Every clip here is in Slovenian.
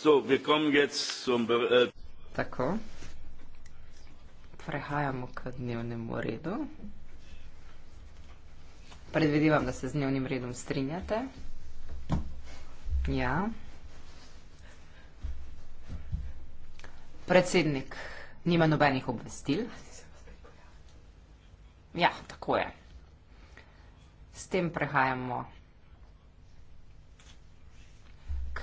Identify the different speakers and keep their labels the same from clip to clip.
Speaker 1: Äh,
Speaker 2: tako. Prehajamo k dnevnemu redu. Predvidevam, da se z dnevnim redom strinjate. Ja. Predsednik nima nobenih obvestil. Ja, tako je. S tem prehajamo k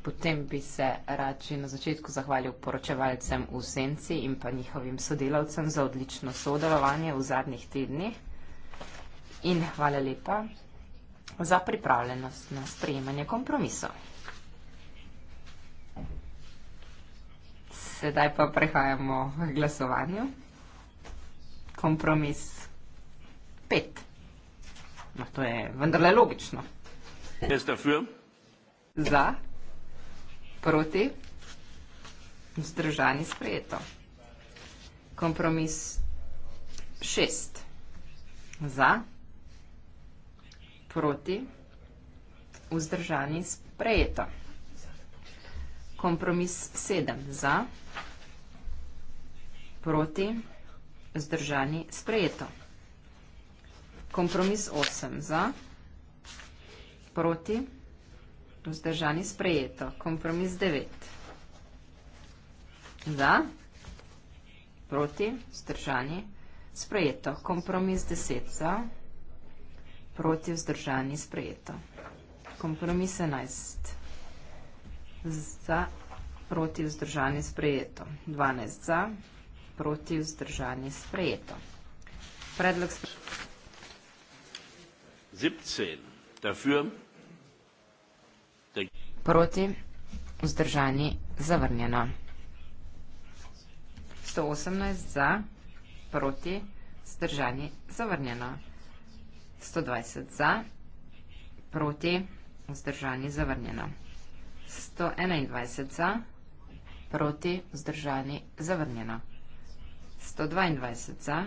Speaker 2: Potem bi se rad že na začetku zahvalil poročevalcem v Senci in pa njihovim sodelavcem za odlično sodelovanje v zadnjih tednih. In hvala lepa za pripravljenost na sprejemanje kompromisov. Sedaj pa prehajamo v glasovanju. Kompromis pet. No, to je vendarle logično.
Speaker 1: Jaz sem
Speaker 2: za. Proti? Zdržani sprejeto. Kompromis šest. Za? Proti? Vzdržani sprejeto. Kompromis sedem. Za? Proti? Vzdržani sprejeto. Kompromis osem. Za? Proti? Proti? Vzdržani sprejeto. Kompromis 9. Za. Proti. Vzdržani sprejeto. Kompromis 10. Za. Proti. Vzdržani sprejeto. Kompromis 11. Za. Proti. Vzdržani sprejeto. 12. Za. Proti. Vzdržani sprejeto. Predlog sprejeto.
Speaker 1: 17. Dafür.
Speaker 2: Proti, vzdržani, zavrnjeno. 118 za, proti, vzdržani, zavrnjeno. 120 za, proti, vzdržani, zavrnjeno. 121 za, proti, vzdržani, zavrnjeno. 122 za,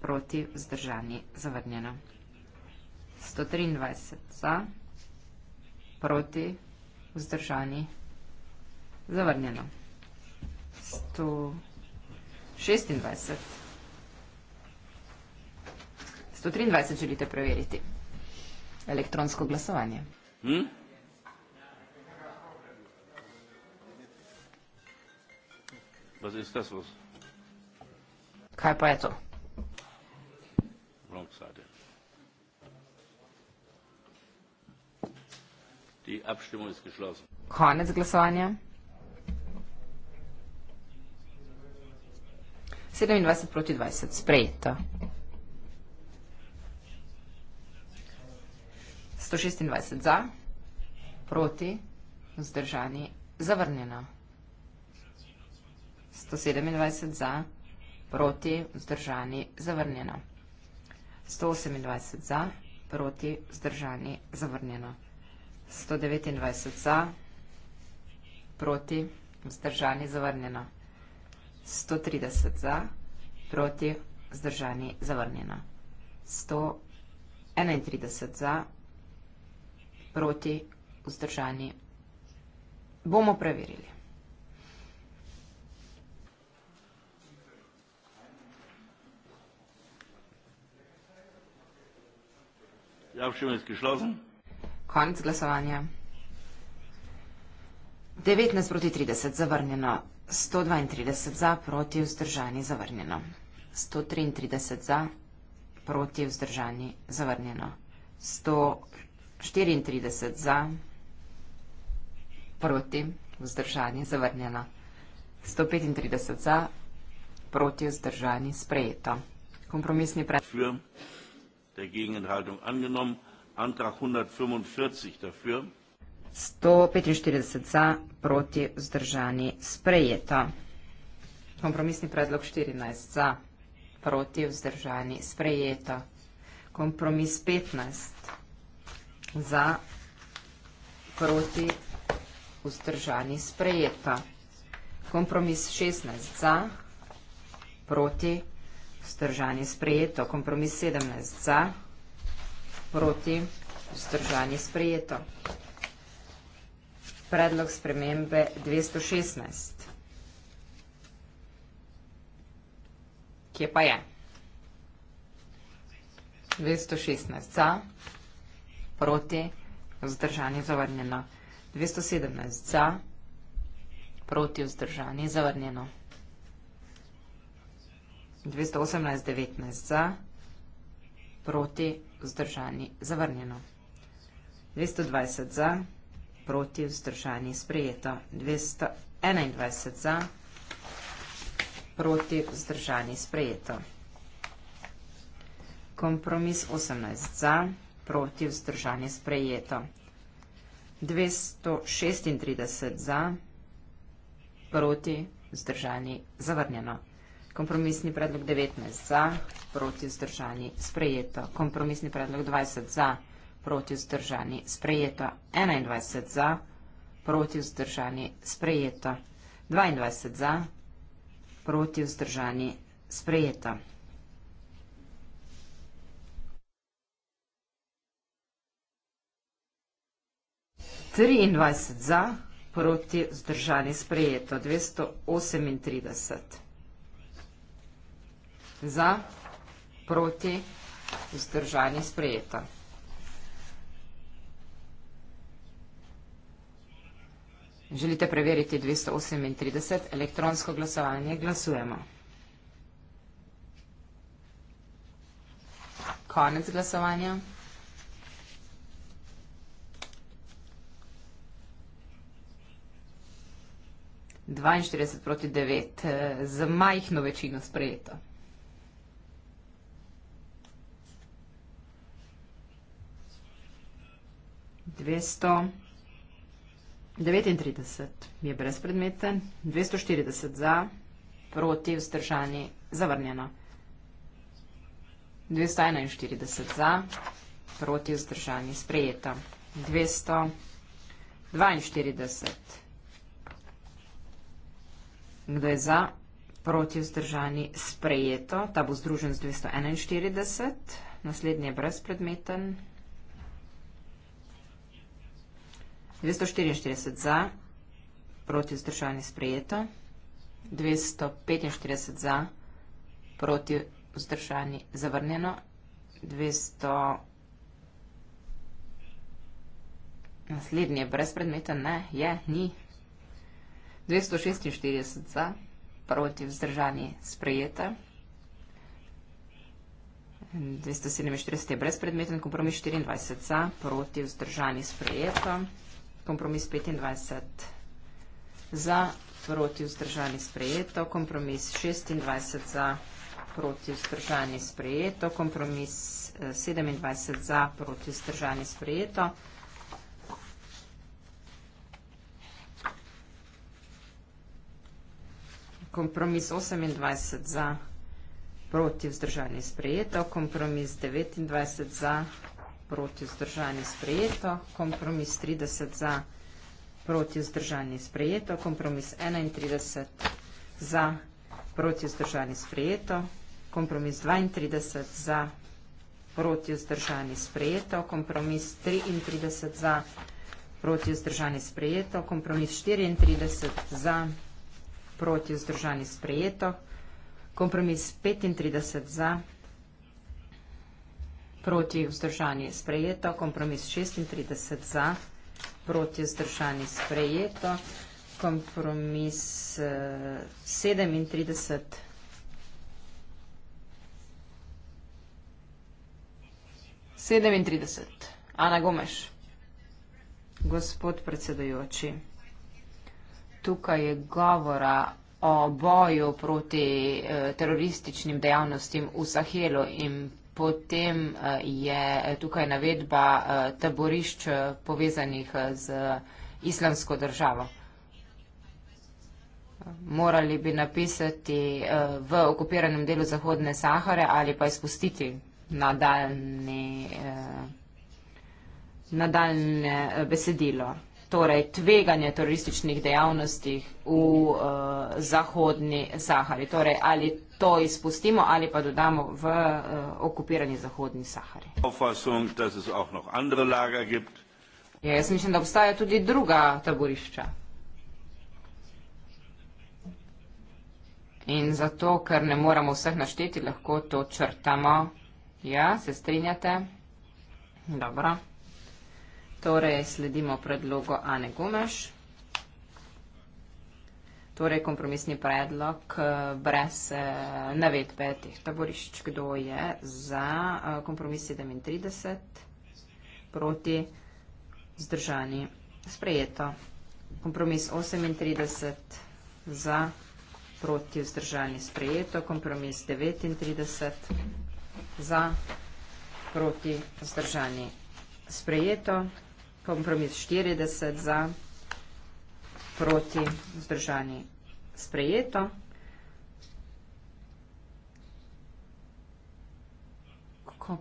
Speaker 2: proti, vzdržani, zavrnjeno. 123 za, proti, vzdržani, zavrnjeno vzdržani. Zavrnjeno. 126. 123 želite preveriti. Elektronsko glasovanje. Hm? Kaj pa je to?
Speaker 1: Wrong side, yeah. Die Abstimmung ist geschlossen.
Speaker 2: Konec glasovanja. 27 proti 20, sprejeto. 126 za, proti, vzdržani, zavrnjeno. 127 za, proti, vzdržani, zavrnjeno. 128 za, proti, vzdržani, zavrnjeno. 129 za, proti, vzdržani, zavrnjeno. 130 za, proti, vzdržani, zavrnjeno. 131 za, proti, vzdržani. Bomo preverili.
Speaker 1: Ja, v šumenski šlozen. Hm.
Speaker 2: Konec glasovanja. 19 proti 30 zavrnjeno, 132 za, proti vzdržani zavrnjeno, 133 za, proti vzdržani zavrnjeno, 134 za, proti vzdržani zavrnjeno, 135 za, proti vzdržani sprejeto. Kompromisni
Speaker 1: predlog. Da je gegenenthaltung angenommen. 145
Speaker 2: za, proti vzdržani sprejeta. Kompromisni predlog 14 za, proti vzdržani sprejeta. Kompromis 15 za, proti vzdržani sprejeta. Kompromis 16 za, proti vzdržani sprejeta. Kompromis 17 za, proti vzdržani sprejeta proti vzdržanje sprejeto. Predlog spremembe 216. Kje pa je? 216 za, proti vzdržanje zavrnjeno. 217 za, proti vzdržanje zavrnjeno. 218-19 za, proti vzdržani, zavrnjeno. 220 za, proti vzdržani, sprejeto. 221 za, proti vzdržani, sprejeto. Kompromis 18 za, proti vzdržani, sprejeto. 236 za, proti vzdržani, zavrnjeno. Kompromisni predlog 19 za, proti vzdržani sprejeto. Kompromisni predlog 20 za, proti vzdržani sprejeto. 21 za, proti vzdržani sprejeto. 22 za, proti vzdržani sprejeto. Triindvajset za, proti vzdržani sprejeto, dvesto osemintrideset. Za, proti, vzdržanje sprejeta. Želite preveriti 238, elektronsko glasovanje, glasujemo. Konec glasovanja. Dvainštirideset proti devet, eh, z majhno večino sprejeto. 239 je brezpredmeten, 240 za, proti, vzdržani, zavrnjeno. 241 za, proti, vzdržani, sprejeta. 242. Kdo je za, proti, vzdržani, sprejeto. Ta bo združen z 241. Naslednji je brezpredmeten, 244 za, proti vzdržani sprejeto. 245 za, proti vzdržani zavrnjeno. 200 Naslednji je brez predmeta, ne, je, ni. 246 za, proti vzdržani sprejeta. 247 je brez predmeten, kompromis 24 za, proti vzdržani sprejeta kompromis 25 za, proti vzdržani sprejeto, kompromis 26 za, proti vzdržani sprejeto, kompromis 27 eh, za, proti vzdržani sprejeto. Kompromis 28 za, proti vzdržani sprejeto, kompromis 29 za, proti vzdržani sprejeto proti vzdržani sprejeto, kompromis 30 za proti vzdržani sprejeto, kompromis 31 za proti vzdržani sprejeto, kompromis 32 za proti vzdržani sprejeto, kompromis 33 za proti vzdržani sprejeto, kompromis 34 za proti vzdržani sprejeto, kompromis 35 za proti vzdržani sprejeto, Proti vzdržani je sprejeto. Kompromis 36 za. Proti vzdržani je sprejeto. Kompromis 37. Eh, Ana Gomeš, gospod predsedojoči, tukaj je govora o boju proti eh, terorističnim dejavnostim v Sahelu in Potem eh, je tukaj navedba eh, taborišč eh, povezanih z islamsko državo. Morali bi napisati v okupiranem delu Zahodne Sahare ali pa izpustiti nadaljne besedilo. Torej, tveganje terorističnih dejavnosti v uh, Zahodni Sahari. Torej, ali to izpustimo ali pa dodamo v uh, okupirani Zahodni Sahari. Ja, jaz mislim, da obstaja tudi druga taborišča. In zato, ker ne moramo vseh našteti, lahko to črtamo. Ja, se strinjate? Dobro. Torej, sledimo predlogu Ane Gumeš torej kompromisni predlog eh, brez eh, navedbe teh taborišč. Kdo je za eh, kompromis 37, proti zdržani sprejeto. Kompromis 38 za, proti vzdržani sprejeto. Kompromis 39 za, proti vzdržani sprejeto. Kompromis 40 za, proti vzdržani sprejeto proti vzdržani sprejeto.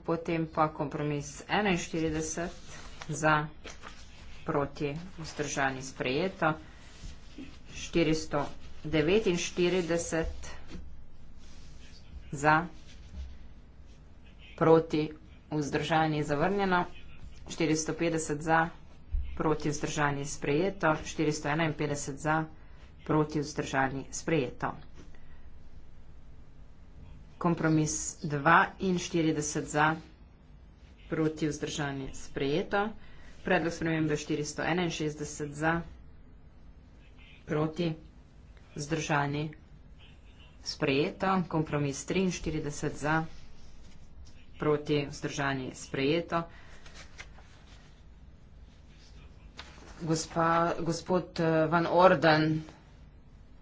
Speaker 2: Potem pa kompromis 41 za proti vzdržani sprejeto. 449 za proti vzdržani zavrnjeno. 450 za proti vzdržani sprejeto proti vzdržani sprejeto, 451 za, proti vzdržani sprejeto. Kompromis 42 za, proti vzdržani sprejeto. Predlog spremembe 461 za, proti vzdržani sprejeto. Kompromis 43 za, proti vzdržani sprejeto. Gospa, gospod eh, Van Orden,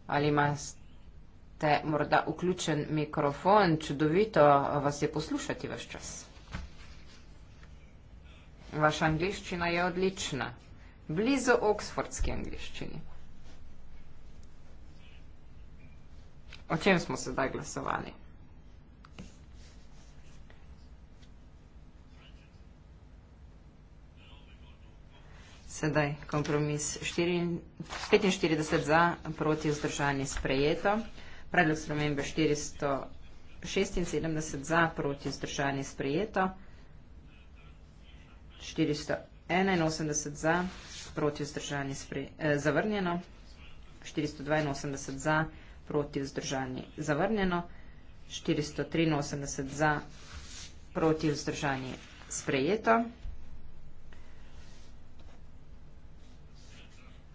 Speaker 2: ali imate morda vključen mikrofon? Čudovito eh, vas je poslušati vaš čas. Vaša angliščina je odlična. Blizu oksfordski angliščini. O čem smo sedaj glasovali? Sedaj kompromis 45 za, proti vzdržanje sprejeto. Predlog spremembe 476 za, proti vzdržanje sprejeto. 481 za, proti vzdržanje eh, zavrnjeno. 482 za, proti vzdržanje zavrnjeno. 483 za, proti vzdržanje sprejeto.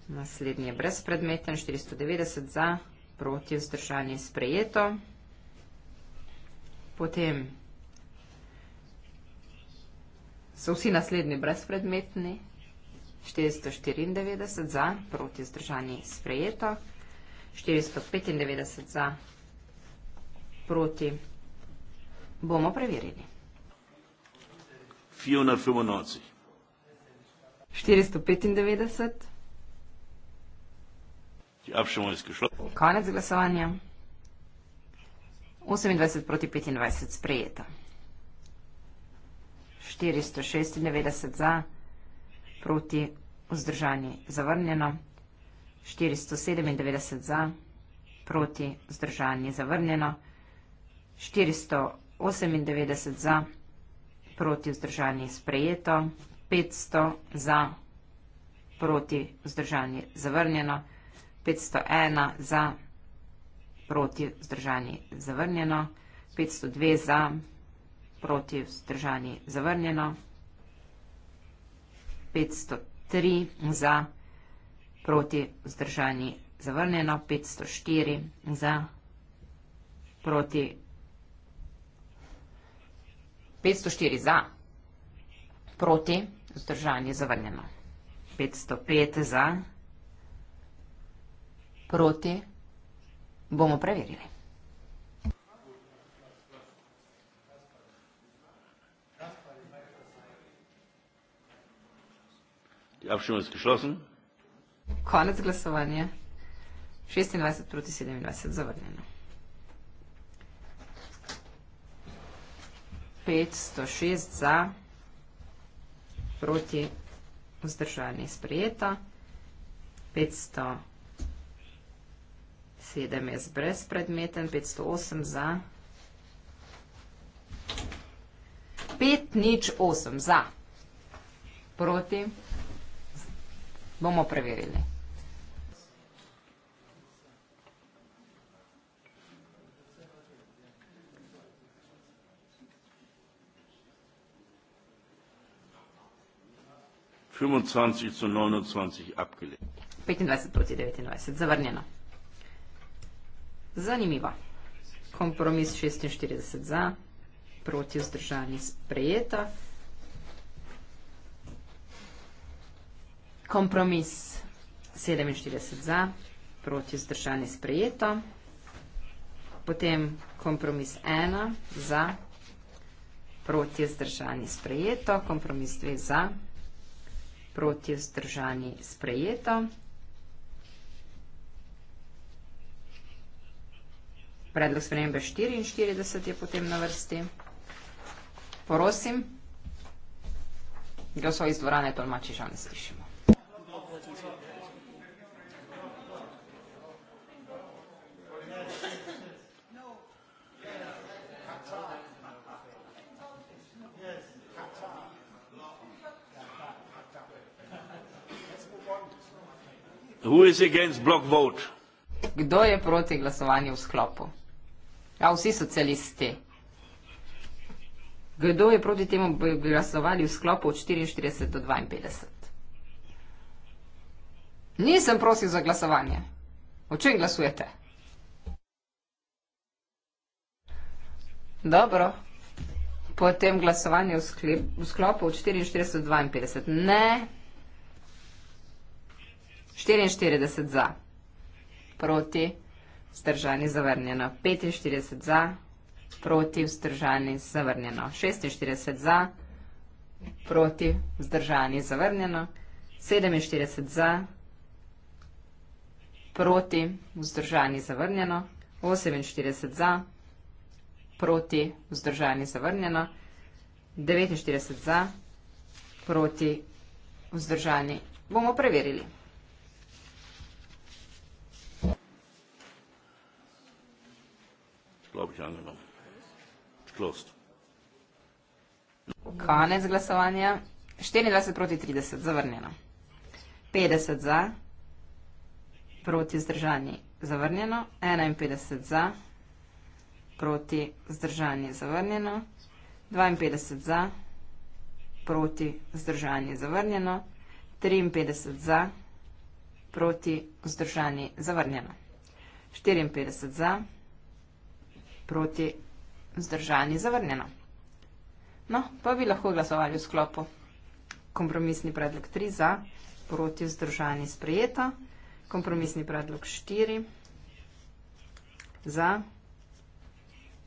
Speaker 2: Naslednji je brezpredmeten, 490 za, proti vzdržanje sprejeto. Potem so vsi naslednji brezpredmetni, 494 za, proti vzdržanje sprejeto, 495 za, proti bomo preverili.
Speaker 1: 495 za. Die Abstimmung ist geschlossen.
Speaker 2: Konec glasovanja. 28 proti 25 sprejeto. 496 za, proti vzdržani zavrnjeno. 497 za, proti vzdržani zavrnjeno. 498 za, proti vzdržani sprejeto. 500 za, proti vzdržani zavrnjeno. 501 za, proti vzdržani zavrnjeno, 502 za, proti vzdržani zavrnjeno, 503 za, proti vzdržani zavrnjeno, 504 za, proti 504 za, proti vzdržani zavrnjeno, 505 za, proti vzdržani zavrnjeno proti, bomo preverili. Konec glasovanja. 26 proti 27 zavrnjeno. 506 za, proti vzdržani sprejeta, 500 7 je brez predmeten, 508 za. 5 nič 8 za. Proti. Bomo preverili. Abgelegt. 25 proti 29, zavrnjeno. Zanimivo. Kompromis 46 za, proti vzdržanje sprejeto. Kompromis 47 za, proti vzdržanje sprejeto. Potem kompromis 1 za, proti vzdržanje sprejeto. Kompromis 2 za, proti vzdržanje sprejeto. Kompromis 2 za, proti vzdržanje sprejeto. Predlog spremembe 44 je potem na vrsti. Prosim, glasov iz dvorane tolmači žal ne slišimo. Kdo je proti glasovanju v sklopu? Ja, vsi socialisti. Kdo je proti temu glasovali v sklopu od 44 do 52? Nisem prosil za glasovanje. O čem glasujete? Dobro. Potem glasovanje v, sklep, v sklopu od 44 do 52. Ne. 44 za. Proti vzdržani zavrnjeno, 45 za, proti vzdržani zavrnjeno, 46 za, proti vzdržani zavrnjeno, 47 za, proti vzdržani zavrnjeno, 48 za, proti vzdržani zavrnjeno, 49 za, proti vzdržani bomo preverili.
Speaker 1: glaube ich, angenommen. Closed.
Speaker 2: Konec glasovanja. 24 proti 30, zavrnjeno. 50 za, proti zdržani, zavrnjeno. 51 za, proti zdržani, zavrnjeno. 52 za, proti zdržani, zavrnjeno. 53 za, proti zdržani, zavrnjeno. 54 za, proti zdržani, zavrnjeno proti vzdržani zavrnjeno. No, pa bi lahko glasovali v sklopu. Kompromisni predlog 3 za, proti vzdržani sprejeta. Kompromisni predlog 4 za,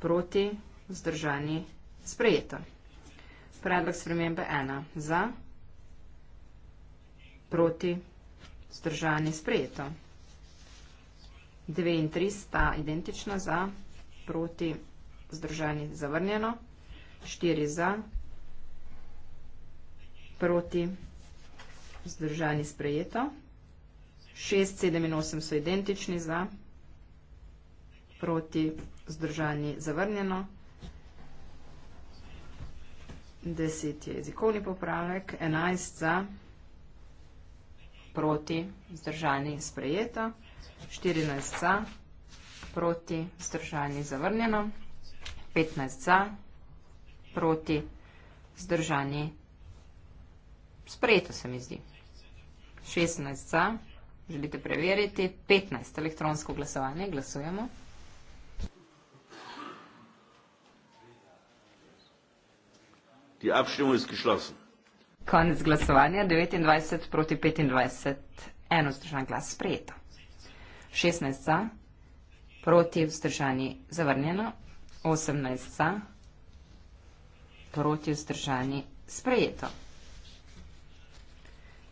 Speaker 2: proti vzdržani sprejeta. Predlog spremembe 1 za, proti vzdržani sprejeta. 2 in 3 sta identična za, proti vzdržani sprejeta proti, vzdržani zavrnjeno, 4 za, proti, vzdržani sprejeto, 6, 7 in 8 so identični za, proti, vzdržani zavrnjeno, 10 je jezikovni popravek, 11 za, proti, vzdržani sprejeto, 14 za, proti, vzdržani sprejeto, proti, vzdržani, zavrnjeno. 15 za, proti, vzdržani, sprejeto se mi zdi. 16 za, želite preveriti, 15 elektronsko glasovanje, glasujemo.
Speaker 1: Die Abstimmung ist geschlossen.
Speaker 2: Konec glasovanja, 29 proti 25, eno zdržan glas sprejeto. 16 za, Proti vzdržani zavrnjeno. 18 za. Proti vzdržani sprejeto.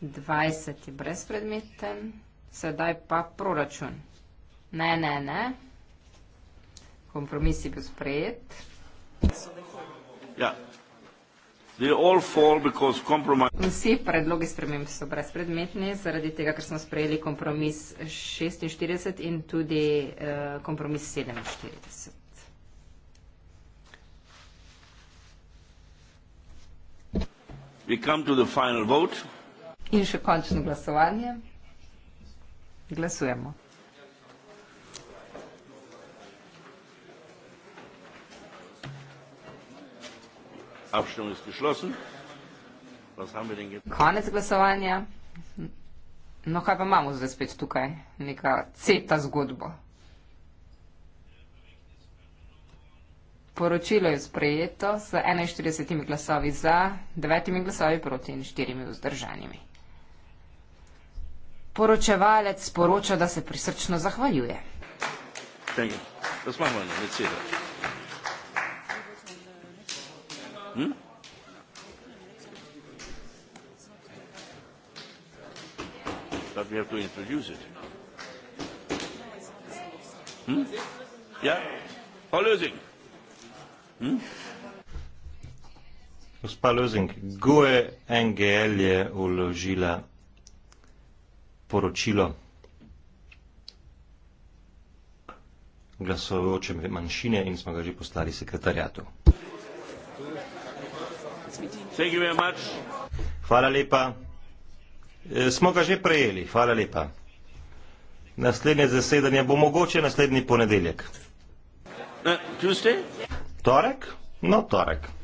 Speaker 2: 20 je brezpredmeten. Sedaj pa proračun. Ne, ne, ne. Kompromis je bil sprejet.
Speaker 1: Ja, Vsi
Speaker 2: predlogi sprememb so brezpredmetni, zaradi tega, ker smo sprejeli kompromis 46 in tudi uh, kompromis 47.
Speaker 1: We come to the final vote.
Speaker 2: In še končno glasovanje. Glasujemo.
Speaker 1: Abstimmung ist geschlossen. Was haben wir denn jetzt?
Speaker 2: Konec glasovanja. No, kaj pa imamo zdaj spet tukaj? Neka ceta zgodba. Poročilo je sprejeto z 41 glasovi za, 9 glasovi proti in 4 vzdržanimi. Poročevalec poroča, da se prisrčno zahvaljuje.
Speaker 1: Hvala. To smo imeli, ne cedo. Hm? But we have to introduce it. Hm? Yeah? For losing.
Speaker 2: Hm? Gospa Lozing, GUE NGL je uložila poročilo glasovočem manjšine in smo ga že poslali sekretarjatu. Hvala. Hvala lepa. E, smo ga že prejeli,
Speaker 1: hvala lepa. Naslednje zasedanje bo mogoče naslednji ponedeljek. Torek? No, torek.